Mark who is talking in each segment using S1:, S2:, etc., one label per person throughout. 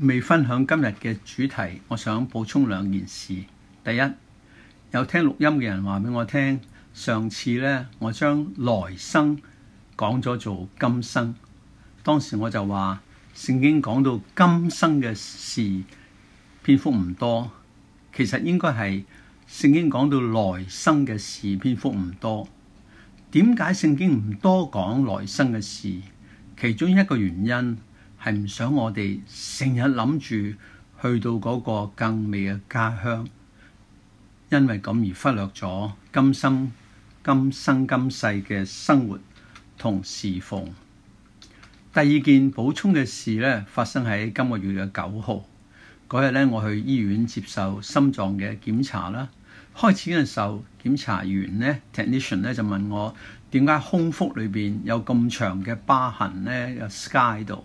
S1: 未分享今日嘅主題，我想補充兩件事。第一，有聽錄音嘅人話俾我聽，上次呢，我將來生講咗做今生，當時我就話聖經講到今生嘅事篇幅唔多，其實應該係聖經講到來生嘅事篇幅唔多。點解聖經唔多講來生嘅事？其中一個原因，係唔想我哋成日諗住去到嗰個更美嘅家鄉，因為咁而忽略咗今生，今生今世嘅生活同侍奉。第二件補充嘅事呢，發生喺今個月嘅九號嗰日呢，我去醫院接受心臟嘅檢查啦。開始嘅時候，檢查員呢 technician 呢就問我點解胸腹裏邊有咁長嘅疤痕呢？有 scar 喺度。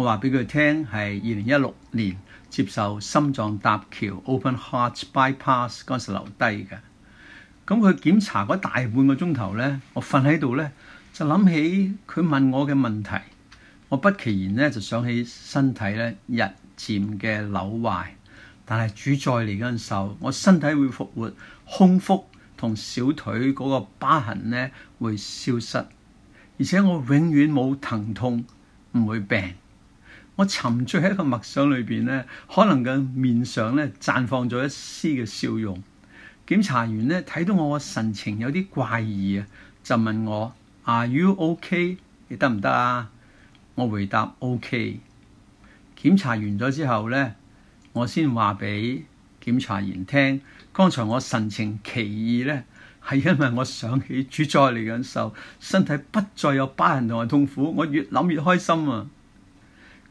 S1: 我話俾佢聽係二零一六年接受心臟搭橋 （open heart bypass） 嗰時留低嘅。咁佢檢查嗰大半個鐘頭呢，我瞓喺度呢，就諗起佢問我嘅問題。我不其然呢，就想起身體呢，日漸嘅扭壞，但係主再嚟嗰陣時候，我身體會復活，胸腹同小腿嗰個疤痕呢會消失，而且我永遠冇疼痛，唔會病。我沉醉喺一個默想裏邊呢，可能嘅面上呢綻放咗一絲嘅笑容。檢查員呢，睇到我嘅神情有啲怪異啊，就問我：Are you OK？你得唔得啊？我回答 OK。檢查完咗之後呢，我先話俾檢查員聽：剛才我神情奇異呢，係因為我想起主再嚟嘅時候，身體不再有疤痕同埋痛苦，我越諗越開心啊！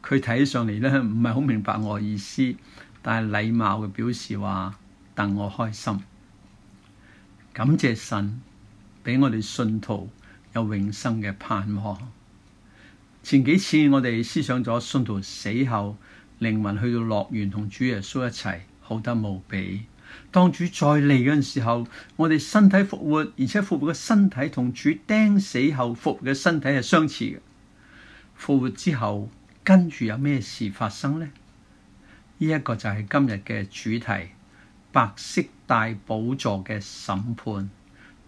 S1: 佢睇起上嚟咧，唔係好明白我意思，但係禮貌嘅表示話，等我開心，感謝神畀我哋信徒有永生嘅盼望。前幾次我哋思想咗，信徒死後靈魂去到樂園同主耶穌一齊，好得無比。當主再嚟嗰陣時候，我哋身體復活，而且復活嘅身體同主釘死後復活嘅身體係相似嘅。復活之後。跟住有咩事發生呢？呢一個就係今日嘅主題：白色大寶座嘅審判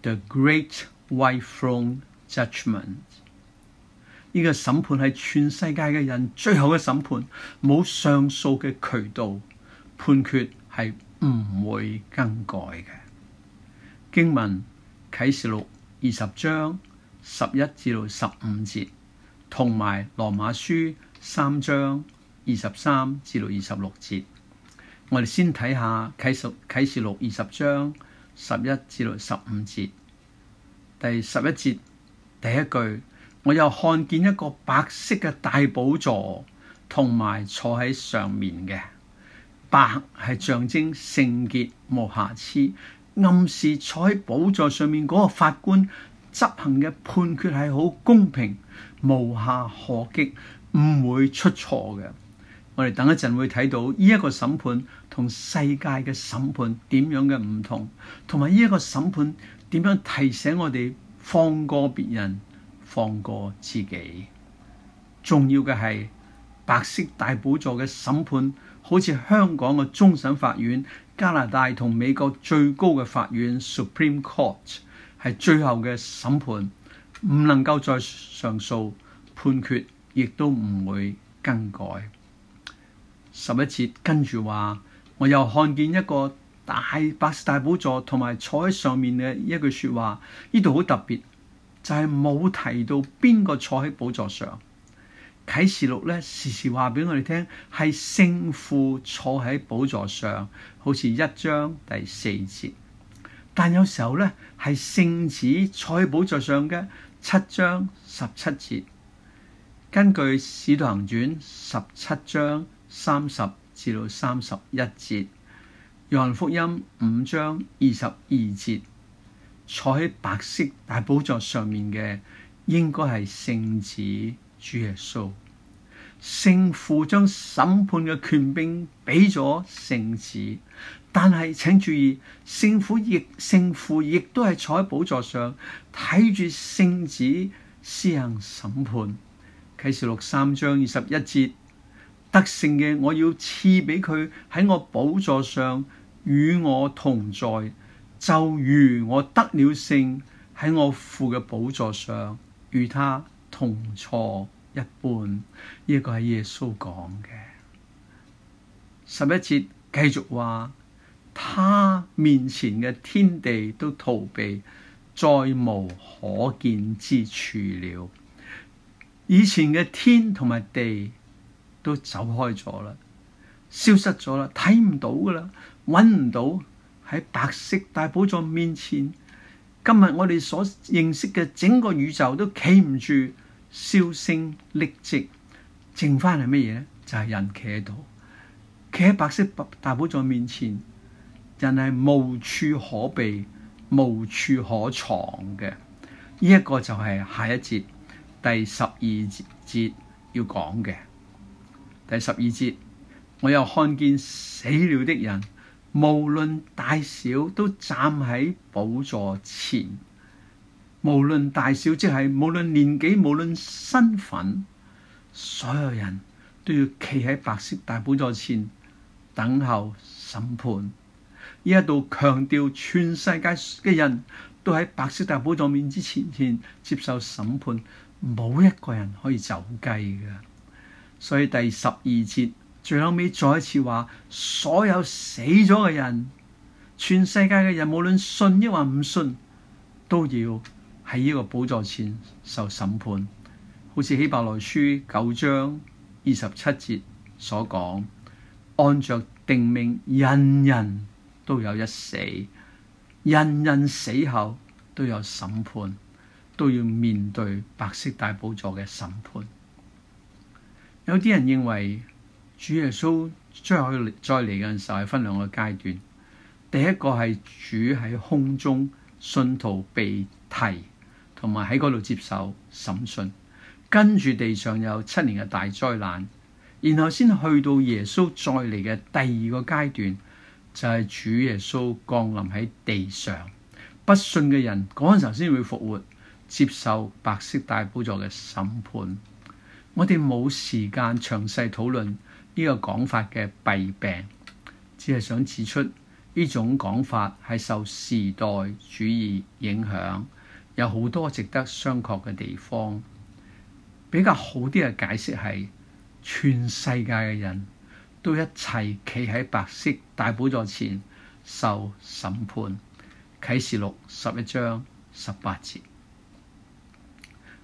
S1: （The Great White Throne Judgment）。呢個審判係全世界嘅人最後嘅審判，冇上訴嘅渠道，判決係唔會更改嘅。經文啟示錄二十章十一至到十五節，同埋羅馬書。三章二十三至到二十六節，我哋先睇下啟示《啟示啟示錄》二十章十一至到十五節。第十一節第一句，我又看見一個白色嘅大寶座，同埋坐喺上面嘅白係象徵聖潔無瑕疵，暗示坐喺寶座上面嗰個法官執行嘅判決係好公平無下可擊。唔會出錯嘅。我哋等一陣會睇到呢一個審判同世界嘅審判點樣嘅唔同，同埋呢一個審判點樣提醒我哋放過別人，放過自己。重要嘅係白色大寶座嘅審判，好似香港嘅終審法院、加拿大同美國最高嘅法院 Supreme Court 係最後嘅審判，唔能夠再上訴判決。亦都唔會更改。十一節跟住話，我又看見一個大白大寶座，同埋坐喺上面嘅一句説話，呢度好特別，就係、是、冇提到邊個坐喺寶座上。啟示錄咧時時話俾我哋聽係聖父坐喺寶座上，好似一章第四節，但有時候咧係聖子坐喺寶座上嘅七章十七節。根據《使徒行傳》十七章三十至到三十一節，《約翰福音》五章二十二節，坐喺白色大寶座上面嘅應該係聖子主耶穌。聖父將審判嘅權柄俾咗聖子，但係請注意，聖父亦聖父亦都係坐喺寶座上睇住聖子施行審判。啟示錄三章二十一節，得勝嘅我要賜畀佢喺我寶座上與我同在，就如我得了勝喺我父嘅寶座上與他同坐一般。呢、這個係耶穌講嘅。十一節繼續話，他面前嘅天地都逃避，再無可見之處了。以前嘅天同埋地都走開咗啦，消失咗啦，睇唔到噶啦，搵唔到喺白色大寶座面前。今日我哋所認識嘅整個宇宙都企唔住，銷聲匿迹，剩翻係乜嘢咧？就係人企喺度，企喺白色大寶座面前，人係無處可避、無處可藏嘅。呢一個就係下一節。第十二節要講嘅第十二節，我又看見死了的人，無論大小都站喺寶座前。無論大小即係無論年紀，無論身份，所有人都要企喺白色大寶座前等候審判。呢一度強調全世界嘅人都喺白色大寶座面之前前接受審判。冇一個人可以走雞嘅，所以第十二節最後尾再一次話：所有死咗嘅人，全世界嘅人，無論信抑或唔信，都要喺呢個寶座前受審判。好似希伯來書九章二十七節所講，按着定命，人人都有一死，人人死後都有審判。都要面對白色大寶座嘅審判。有啲人認為主耶穌再來再嚟嘅陣時候係分兩個階段。第一個係主喺空中，信徒被提，同埋喺嗰度接受審訊，跟住地上有七年嘅大災難，然後先去到耶穌再嚟嘅第二個階段，就係主耶穌降臨喺地上，不信嘅人嗰陣時候先會復活。接受白色大寶座嘅審判，我哋冇時間詳細討論呢個講法嘅弊病，只係想指出呢種講法係受時代主義影響，有好多值得商榷嘅地方。比較好啲嘅解釋係，全世界嘅人都一齊企喺白色大寶座前受審判，《啟示錄》十一章十八節。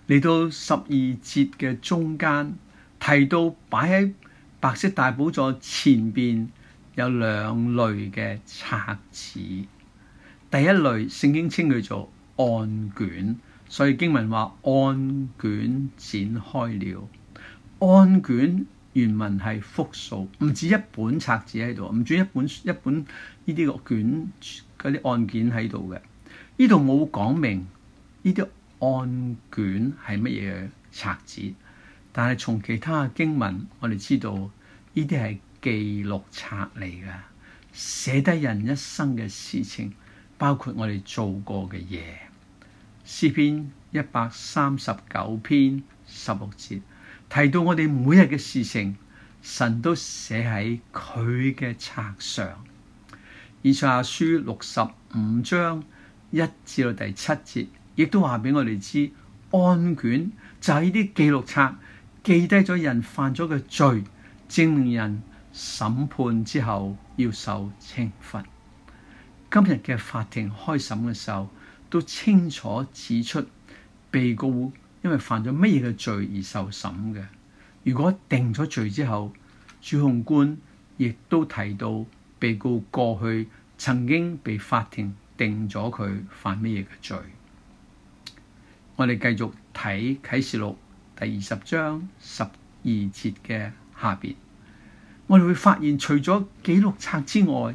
S1: 嚟到十二節嘅中間，提到擺喺白色大寶座前邊有兩類嘅冊子，第一類聖經稱佢做案卷，所以經文話案卷展開了。案卷原文係複數，唔止一本冊子喺度，唔止一本一本呢啲個卷嗰啲案件喺度嘅。呢度冇講明呢啲。案卷係乜嘢冊子？但係從其他經文，我哋知道呢啲係記錄冊嚟㗎，寫低人一生嘅事情，包括我哋做過嘅嘢。詩篇一百三十九篇十六節提到我哋每日嘅事情，神都寫喺佢嘅冊上。以賽亞書六十五章一至到第七節。亦都話俾我哋知，案卷就係呢啲記錄冊，記低咗人犯咗嘅罪，證明人審判之後要受懲罰。今日嘅法庭開審嘅時候，都清楚指出被告因為犯咗乜嘢嘅罪而受審嘅。如果定咗罪之後，主控官亦都提到被告過去曾經被法庭定咗佢犯乜嘢嘅罪。我哋繼續睇《啟示錄》第二十章十二節嘅下邊，我哋會發現除咗記錄冊之外，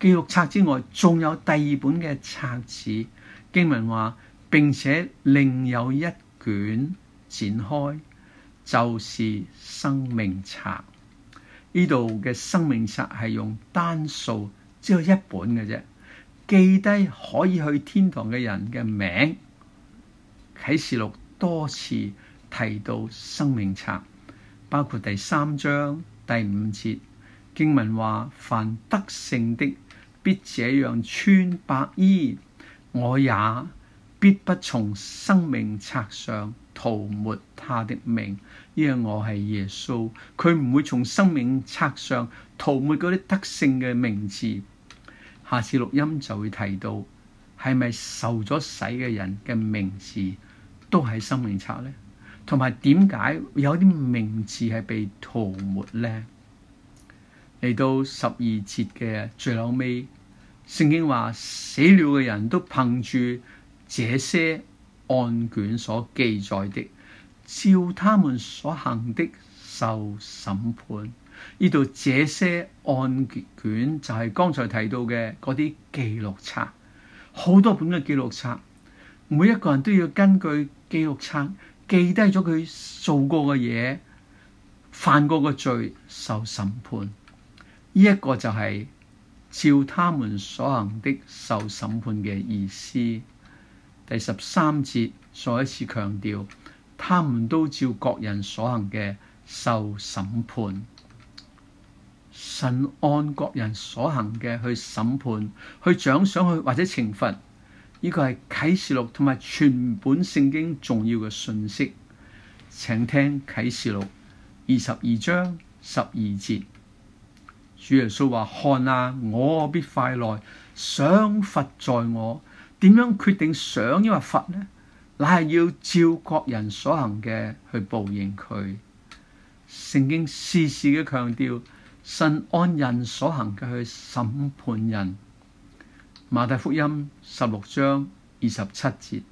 S1: 記錄冊之外仲有第二本嘅冊子。經文話，並且另有一卷展開，就是生命冊。呢度嘅生命冊係用單數，只有一本嘅啫，記低可以去天堂嘅人嘅名。啟示錄多次提到生命冊，包括第三章第五節經文話：凡得勝的，必這樣穿白衣；我也必不從生命冊上塗抹他的名。因為我係耶穌，佢唔會從生命冊上塗抹嗰啲得勝嘅名字。下次錄音就會提到，係咪受咗洗嘅人嘅名字？都係生命冊呢，同埋點解有啲名字係被塗抹呢？嚟到十二節嘅最後尾，聖經話死了嘅人都憑住這些案卷所記載的，照他們所行的受審判。呢度這些案卷就係剛才提到嘅嗰啲記錄冊，好多本嘅記錄冊，每一個人都要根據。記錄冊記低咗佢做過嘅嘢，犯過嘅罪受審判，呢、這、一個就係、是、照他們所行的受審判嘅意思。第十三節再一次強調，他們都照各人所行嘅受審判。神按各人所行嘅去審判，去獎賞，去或者懲罰。呢個係啟示錄同埋全本聖經重要嘅信息，請聽啟示錄二十二章十二節，主耶穌話：看啊，我必快來，賞罰在我，點樣決定賞抑或罰呢？話罰呢？乃係要照各人所行嘅去報應佢。聖經時時嘅強調，神按人所行嘅去審判人。馬太福音十六章二十七節，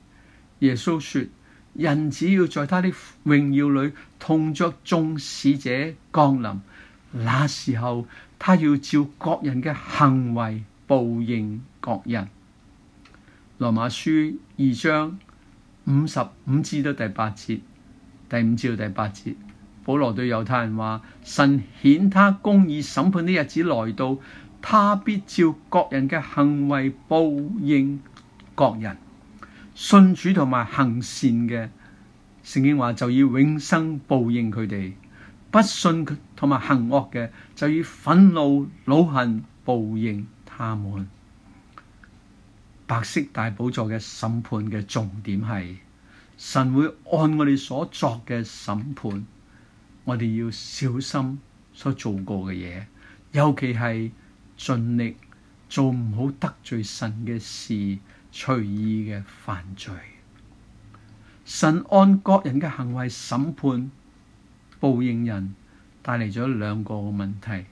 S1: 耶穌說：人只要在他的榮耀裏同著眾使者降臨，那時候他要照各人嘅行為報應各人。羅馬書二章五十五至到第八節，第五至到第八節，保羅對猶太人話：神顯他公義審判的日子來到。他必照各人嘅行為報應各人，信主同埋行善嘅，聖經話就要永生報應佢哋；不信佢同埋行惡嘅，就要憤怒惱恨報應他們。白色大寶座嘅審判嘅重點係神會按我哋所作嘅審判，我哋要小心所做過嘅嘢，尤其係，盡力做唔好得罪神嘅事，隨意嘅犯罪，神按各人嘅行為審判報應人，帶嚟咗兩個嘅問題。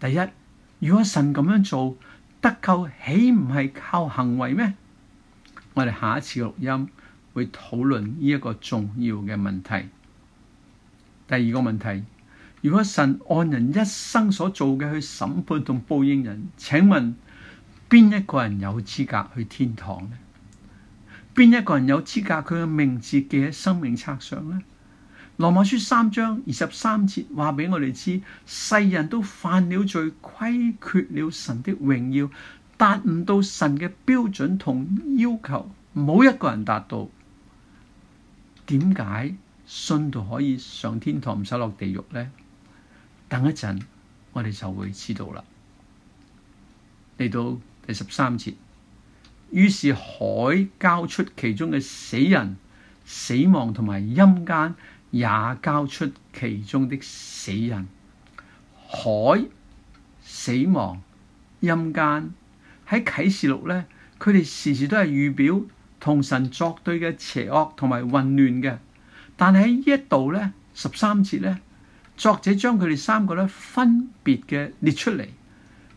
S1: 第一，如果神咁樣做得救，豈唔係靠行為咩？我哋下一次錄音會討論呢一個重要嘅問題。第二個問題。如果神按人一生所做嘅去審判同報應人，請問邊一個人有資格去天堂呢？邊一個人有資格佢嘅名字記喺生命冊上呢？羅馬書三章二十三節話俾我哋知，世人都犯了罪，虧缺了神的榮耀，達唔到神嘅標準同要求，冇一個人達到。點解信徒可以上天堂唔使落地獄呢？等一陣，我哋就會知道啦。嚟到第十三節，於是海交出其中嘅死人，死亡同埋陰間也交出其中的死人。海、死亡、陰間喺啟示錄咧，佢哋時時都係預表同神作對嘅邪惡同埋混亂嘅。但係喺呢一度咧，十三節咧。作者將佢哋三個咧分別嘅列出嚟，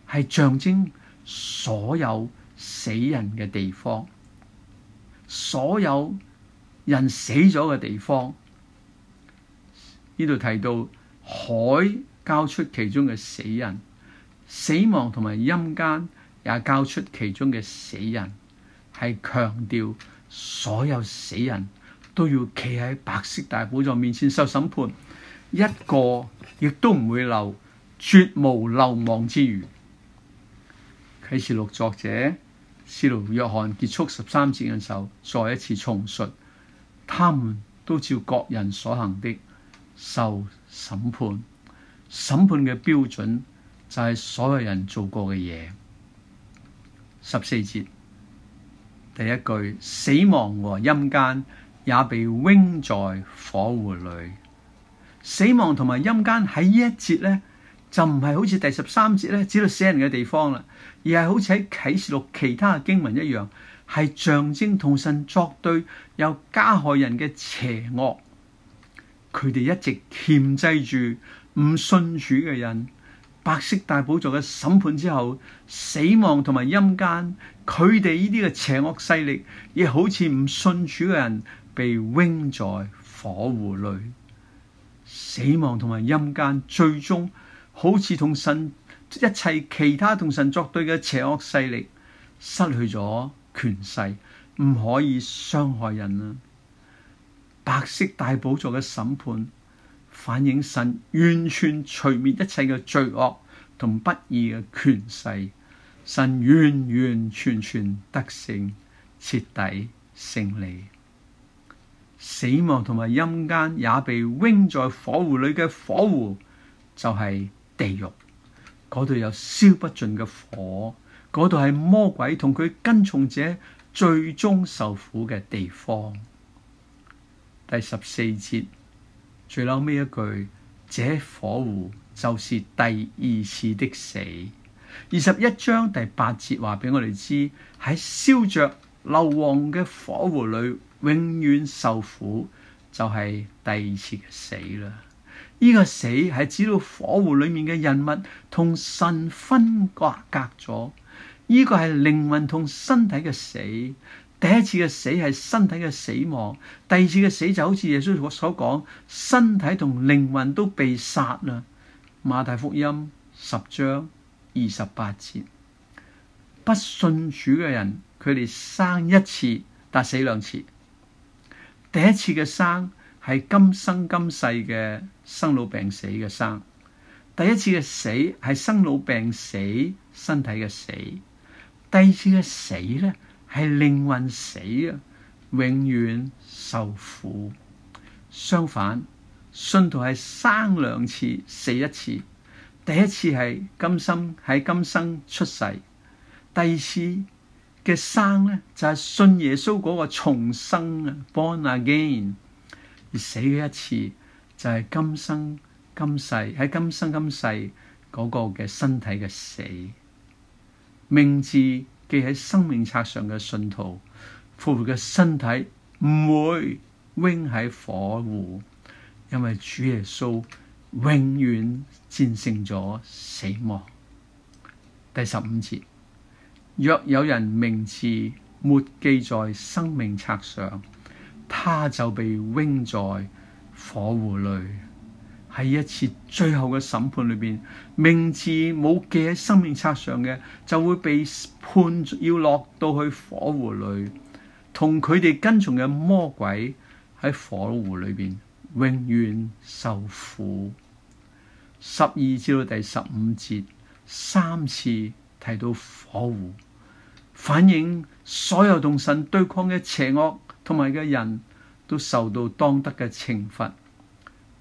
S1: 係象徵所有死人嘅地方，所有人死咗嘅地方。呢度提到海交出其中嘅死人，死亡同埋陰間也交出其中嘅死人，係強調所有死人都要企喺白色大寶座面前受審判。一個亦都唔會漏，絕無漏網之魚。啟示錄作者使徒約翰結束十三節嘅時候，再一次重述：他們都照各人所行的受審判。審判嘅標準就係所有人做過嘅嘢。十四節第一句：死亡和陰間也被扔在火湖裏。死亡同埋陰間喺呢一節咧，就唔係好似第十三節咧，指到死人嘅地方啦，而係好似喺啟示錄其他經文一樣，係象徵同神作對有加害人嘅邪惡。佢哋一直鉗制住唔信主嘅人。白色大寶座嘅審判之後，死亡同埋陰間，佢哋呢啲嘅邪惡勢力，亦好似唔信主嘅人，被扔在火湖裏。死亡同埋陰間，最終好似同神一切其他同神作對嘅邪惡勢力，失去咗權勢，唔可以傷害人啦。白色大寶座嘅審判反映神完全除滅一切嘅罪惡同不義嘅權勢，神完完全全得勝，徹底勝利。死亡同埋陰間也被扔在火湖裏嘅火湖，就係、是、地獄。嗰度有燒不盡嘅火，嗰度係魔鬼同佢跟從者最終受苦嘅地方。第十四節，最後尾一句，這火湖就是第二次的死。二十一章第八節話畀我哋知喺燒着。流亡嘅火湖裏永遠受苦，就係、是、第二次嘅死啦。呢、這個死係指到火湖裏面嘅人物同神分割隔咗。呢、這個係靈魂同身體嘅死。第一次嘅死係身體嘅死亡，第二次嘅死就好似耶穌所講，身體同靈魂都被殺啦。馬太福音十章二十八節，不信主嘅人。佢哋生一次，但死兩次。第一次嘅生係今生今世嘅生老病死嘅生，第一次嘅死係生老病死身體嘅死，第二次嘅死咧係靈魂死啊，永遠受苦。相反，信徒係生兩次，死一次。第一次係今生喺今生出世，第二次嘅生咧就係、是、信耶穌嗰個重生啊，born again 而死嘅一次就係、是、今生今世喺今生今世嗰個嘅身體嘅死，名字記喺生命冊上嘅信徒復活嘅身體唔會永喺火湖，因為主耶穌永遠戰勝咗死亡。第十五節。若有人名字沒記在生命冊上，他就被扔在火湖裏。喺一次最後嘅審判裏邊，名字冇記喺生命冊上嘅，就會被判要落到去火湖裏，同佢哋跟從嘅魔鬼喺火湖裏邊永遠受苦。十二至到第十五節，三次提到火湖。反映所有同神對抗嘅邪惡同埋嘅人都受到當得嘅懲罰。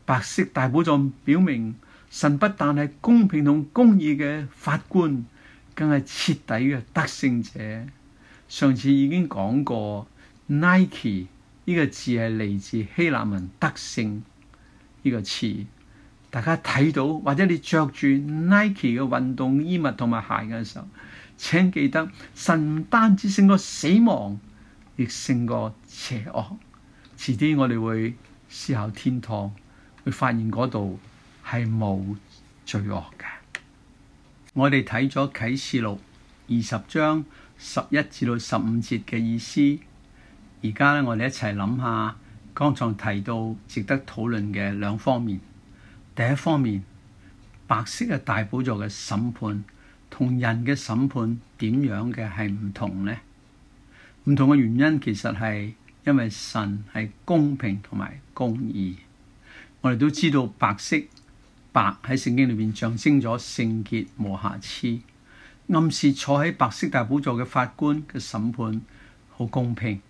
S1: 白色大寶座表明神不但係公平同公義嘅法官，更係徹底嘅得勝者。上次已經講過 Nike 呢個字係嚟自希臘文得勝呢個詞，大家睇到或者你着住 Nike 嘅運動衣物同埋鞋嘅時候。請記得，神唔單止勝過死亡，亦勝過邪惡。遲啲我哋會思考天堂，會發現嗰度係冇罪惡嘅。 我哋睇咗啟示錄二十章十一至到十五節嘅意思，而家咧，我哋一齊諗下剛才提到值得討論嘅兩方面。第一方面，白色嘅大寶座嘅審判。同人嘅審判點樣嘅係唔同呢？唔同嘅原因其實係因為神係公平同埋公義。我哋都知道白色白喺聖經裏邊象徵咗聖潔無瑕疵，暗示坐喺白色大寶座嘅法官嘅審判好公平，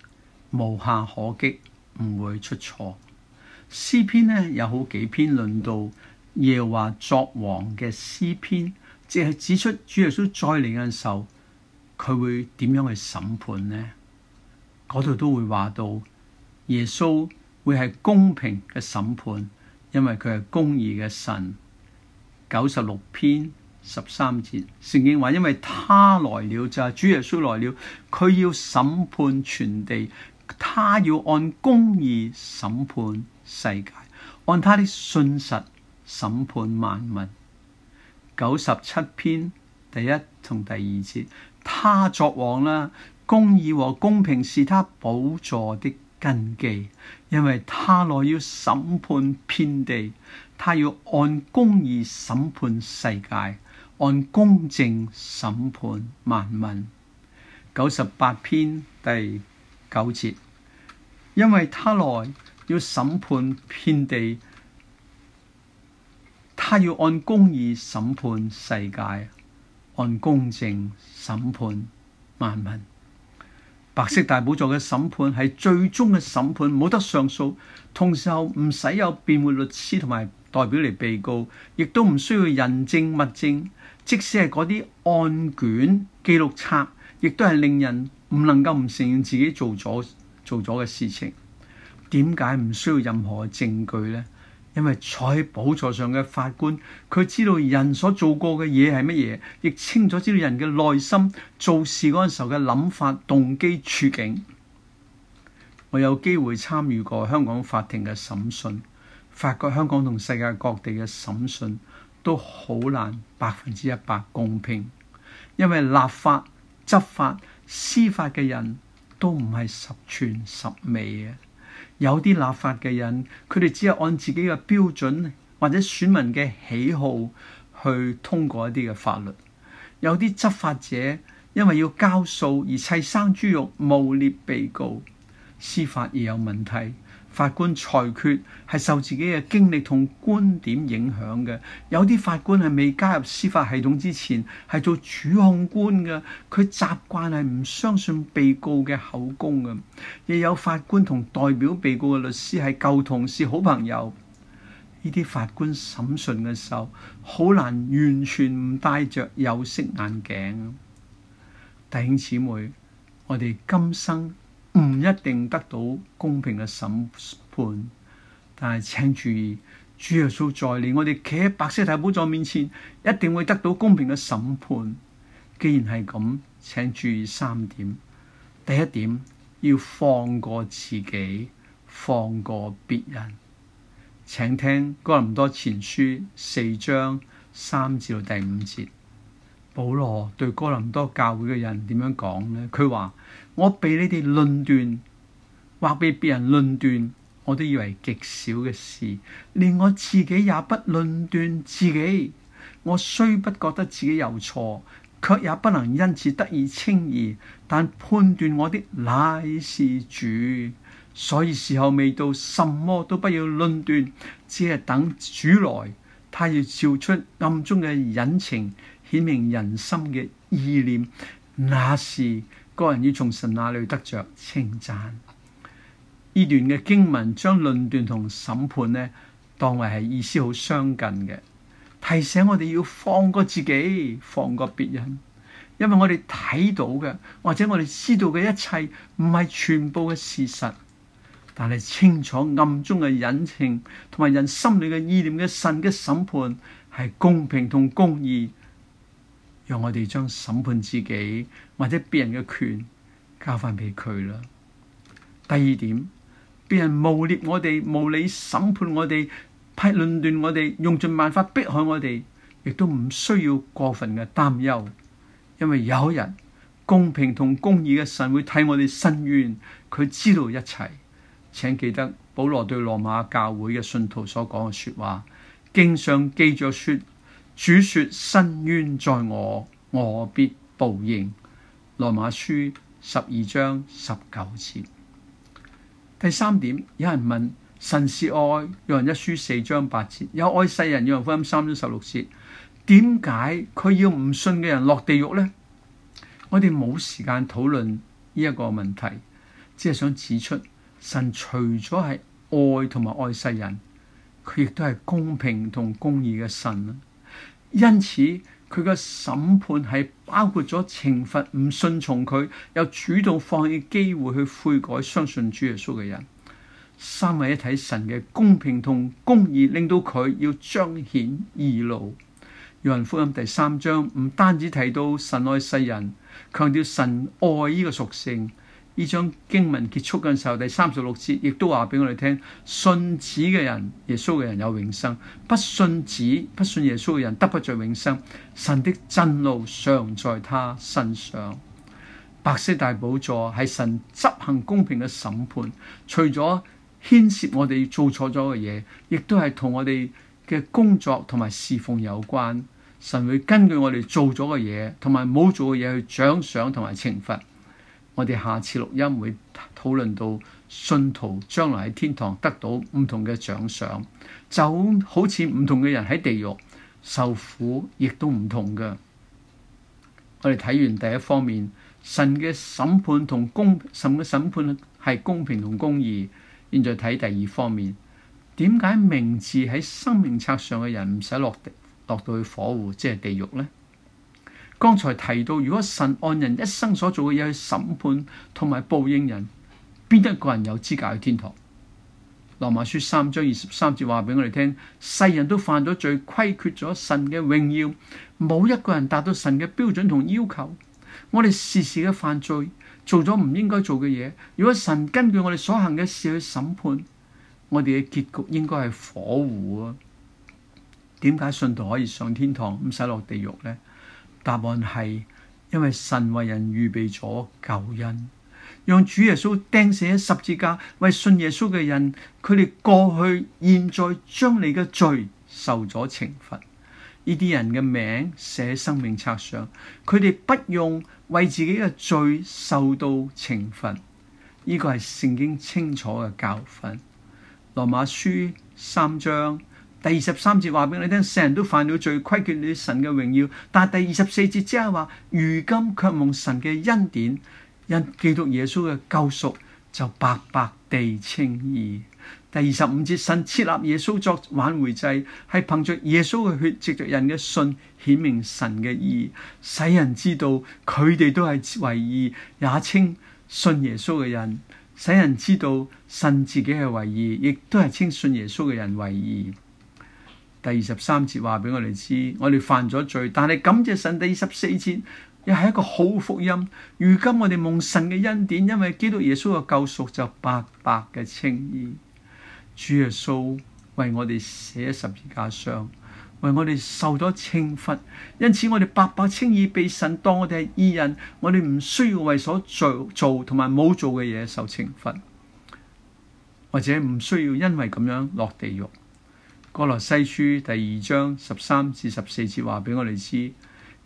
S1: 無懈可擊，唔會出錯。詩篇呢，有好幾篇論到耶和華作王嘅詩篇。即係指出主耶穌再嚟嘅時候，佢會點樣去審判呢？嗰度都會話到，耶穌會係公平嘅審判，因為佢係公義嘅神。九十六篇十三節，聖經話：「因為他來了，就係、是、主耶穌來了，佢要審判全地，他要按公義審判世界，按他的信實審判萬民。九十七篇第一同第二節，他作王啦，公義和公平是他寶座的根基，因為他來要審判遍地，他要按公義審判世界，按公正審判萬民。九十八篇第九節，因為他來要審判遍地。他要按公義審判世界，按公正審判萬民。白色大寶座嘅審判係最終嘅審判，冇得上訴，同時候唔使有辯護律師同埋代表嚟，被告，亦都唔需要人證物證。即使係嗰啲案卷記錄冊，亦都係令人唔能夠唔承認自己做咗做咗嘅事情。點解唔需要任何證據呢？因為坐喺寶座上嘅法官，佢知道人所做過嘅嘢係乜嘢，亦清楚知道人嘅內心、做事嗰陣時候嘅諗法、動機、處境。我有機會參與過香港法庭嘅審訊，發覺香港同世界各地嘅審訊都好難百分之一百公平，因為立法、執法、司法嘅人都唔係十全十美嘅。有啲立法嘅人，佢哋只係按自己嘅標準或者選民嘅喜好去通過一啲嘅法律。有啲執法者因為要交數而砌生豬肉誣衊被告，司法亦有問題。法官裁決係受自己嘅經歷同觀點影響嘅，有啲法官係未加入司法系統之前係做主控官嘅，佢習慣係唔相信被告嘅口供嘅，亦有法官同代表被告嘅律師係舊同事好朋友，呢啲法官審訊嘅時候好難完全唔戴着有色眼鏡。弟兄姊妹，我哋今生。唔一定得到公平嘅審判，但係請注意，主耶穌再臨，我哋企喺白色大寶座面前，一定會得到公平嘅審判。既然係咁，請注意三點。第一點，要放過自己，放過別人。請聽哥林多前書四章三至到第五節，保羅對哥林多教會嘅人點樣講呢？佢話。我被你哋論斷，或被別人論斷，我都以為極小嘅事，連我自己也不論斷自己。我雖不覺得自己有錯，卻也不能因此得以稱義。但判斷我的乃是主，所以時候未到，什麼都不要論斷，只係等主來。他要照出暗中嘅隱情，顯明人心嘅意念，那是，個人要從神那裏得着稱讚。呢段嘅經文將論斷同審判呢，當為係意思好相近嘅，提醒我哋要放過自己，放過別人。因為我哋睇到嘅，或者我哋知道嘅一切，唔係全部嘅事實，但係清楚暗中嘅隱情同埋人心裏嘅意念嘅神嘅審判係公平同公義。讓我哋將審判自己或者別人嘅權交翻畀佢啦。第二點，別人誣衊我哋、無理審判我哋、批論斷我哋、用盡辦法迫害我哋，亦都唔需要過分嘅擔憂，因為有人公平同公義嘅神會替我哋伸冤，佢知道一切。請記得保羅對羅馬教會嘅信徒所講嘅說話，經上記着說。主說：伸冤在我，我必報應。羅馬書十二章十九節。第三點，有人問神是愛，有人一書四章八節，有愛世人，有人福音三章十六節，點解佢要唔信嘅人落地獄呢？我哋冇時間討論呢一個問題，只係想指出神除咗係愛同埋愛世人，佢亦都係公平同公義嘅神啊！因此，佢嘅審判係包括咗懲罰，唔順從佢又主動放棄機會去悔改，相信主耶穌嘅人。三位一體神嘅公平同公義，令到佢要彰顯義怒。約翰福音第三章唔單止提到神愛世人，強調神愛呢個屬性。呢章經文結束嘅時候，第三十六節亦都話俾我哋聽：信子嘅人、耶穌嘅人有永生；不信子、不信耶穌嘅人得不著永生。神的真路常在他身上。白色大寶座係神執行公平嘅審判，除咗牽涉我哋做錯咗嘅嘢，亦都係同我哋嘅工作同埋侍奉有關。神會根據我哋做咗嘅嘢同埋冇做嘅嘢去獎賞同埋懲罰。我哋下次錄音會討論到信徒將來喺天堂得到唔同嘅獎賞，就好似唔同嘅人喺地獄受苦，亦都唔同嘅。我哋睇完第一方面，神嘅審判同公，神嘅審判係公平同公義。現在睇第二方面，點解名字喺生命冊上嘅人唔使落地，落到去火湖，即係地獄呢？剛才提到，如果神按人一生所做嘅嘢去審判同埋報應人，邊得一個人有資格去天堂？羅馬書三章二十三節話俾我哋聽，世人都犯咗罪，虧缺咗神嘅榮耀，冇一個人達到神嘅標準同要求。我哋事事嘅犯罪，做咗唔應該做嘅嘢。如果神根據我哋所行嘅事去審判，我哋嘅結局應該係火湖啊？點解信徒可以上天堂，唔使落地獄呢？答案係，因為神為人預備咗救恩，讓主耶穌釘死喺十字架，為信耶穌嘅人，佢哋過去、現在將你嘅罪受咗懲罰，呢啲人嘅名寫生命冊上，佢哋不用為自己嘅罪受到懲罰，呢、呢個係聖經清楚嘅教訓，羅馬書三章。第二十三節話畀你聽，世人都犯咗罪，虧缺你的神嘅榮耀。但第二十四節即係話，如今卻蒙神嘅恩典，因基督耶穌嘅救贖就白白地稱義。第二十五節，神設立耶穌作挽回祭，係憑着耶穌嘅血，藉着人嘅信顯明神嘅義，使人知道佢哋都係為義，也稱信耶穌嘅人。使人知道神自己係為義，亦都係稱信耶穌嘅人為義。第二十三節話俾我哋知，我哋犯咗罪，但係感謝神。第二十四節又係一個好福音。如今我哋蒙神嘅恩典，因為基督耶穌嘅救贖就白白嘅稱義。主耶穌為我哋寫十字架上，為我哋受咗懲罰，因此我哋白白稱義，被神當我哋係義人。我哋唔需要為所做做同埋冇做嘅嘢受懲罰，或者唔需要因為咁樣落地獄。《哥羅西書》第二章十三至十四節話畀我哋知，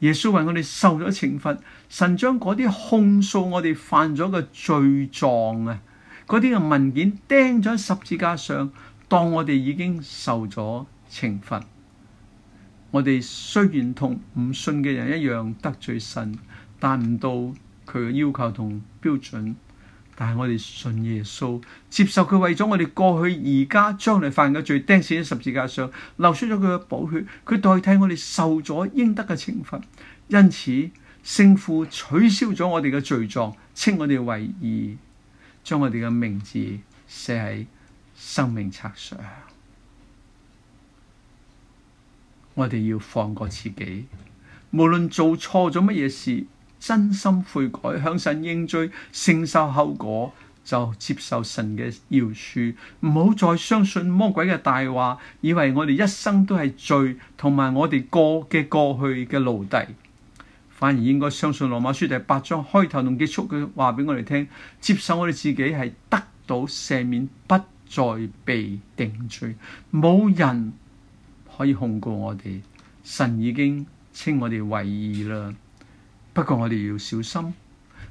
S1: 耶穌為我哋受咗懲罰，神將嗰啲控訴我哋犯咗嘅罪狀啊，嗰啲嘅文件釘咗喺十字架上，當我哋已經受咗懲罰。我哋雖然同唔信嘅人一樣得罪神，但唔到佢嘅要求同標準。但係我哋信耶穌，接受佢為咗我哋過去、而家、將來犯嘅罪釘死喺十字架上，流出咗佢嘅寶血，佢代替我哋受咗應得嘅懲罰，因此聖父取消咗我哋嘅罪狀，稱我哋為義，將我哋嘅名字寫喺生命冊上。我哋要放過自己，無論做錯咗乜嘢事。真心悔改，向神認罪，承受後果，就接受神嘅饒恕，唔好再相信魔鬼嘅大話，以為我哋一生都係罪，同埋我哋過嘅過去嘅奴隸，反而應該相信羅馬書第八章開頭同結束嘅話畀我哋聽，接受我哋自己係得到赦免，不再被定罪，冇人可以控告我哋，神已經稱我哋為義啦。不過我哋要小心，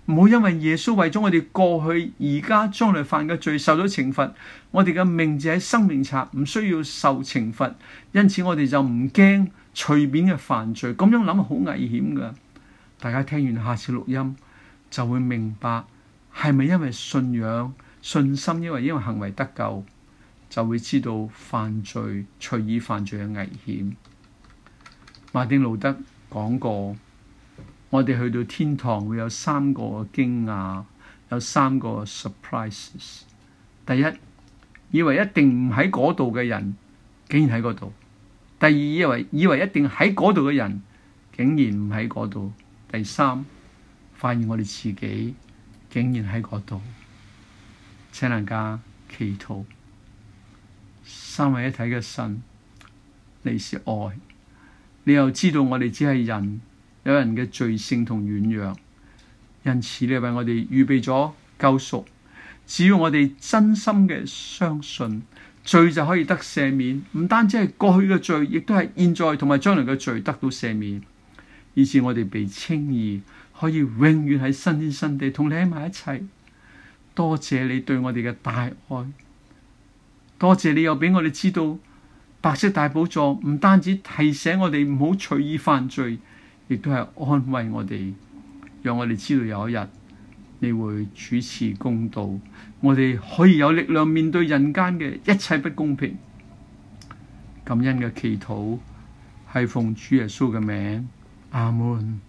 S1: 唔好因為耶穌為咗我哋過去、而家、將來犯嘅罪受到懲罰，我哋嘅名字就喺生命冊，唔需要受懲罰，因此我哋就唔驚隨便嘅犯罪。咁樣諗係好危險㗎，大家聽完下次錄音就會明白，係咪因為信仰、信心，因為因為行為得救，就會知道犯罪、隨意犯罪嘅危險。馬丁路德講過。我哋去到天堂會有三個驚訝，有三個 surprises。第一，以為一定唔喺嗰度嘅人，竟然喺嗰度；第二，以為以為一定喺嗰度嘅人，竟然唔喺嗰度；第三，發現我哋自己竟然喺嗰度。請大家祈禱，三位一體嘅神，你是愛，你又知道我哋只係人。有人嘅罪性同軟弱，因此你為我哋預備咗救贖。只要我哋真心嘅相信，罪就可以得赦免。唔單止係過去嘅罪，亦都係現在同埋將來嘅罪得到赦免，以致我哋被稱義，可以永遠喺新天新地同你喺埋一齊。多謝你對我哋嘅大愛，多謝你又畀我哋知道白色大寶座，唔單止提醒我哋唔好隨意犯罪。亦都係安慰我哋，讓我哋知道有一日你會主持公道，我哋可以有力量面對人間嘅一切不公平。感恩嘅祈禱係奉主耶穌嘅名，阿門。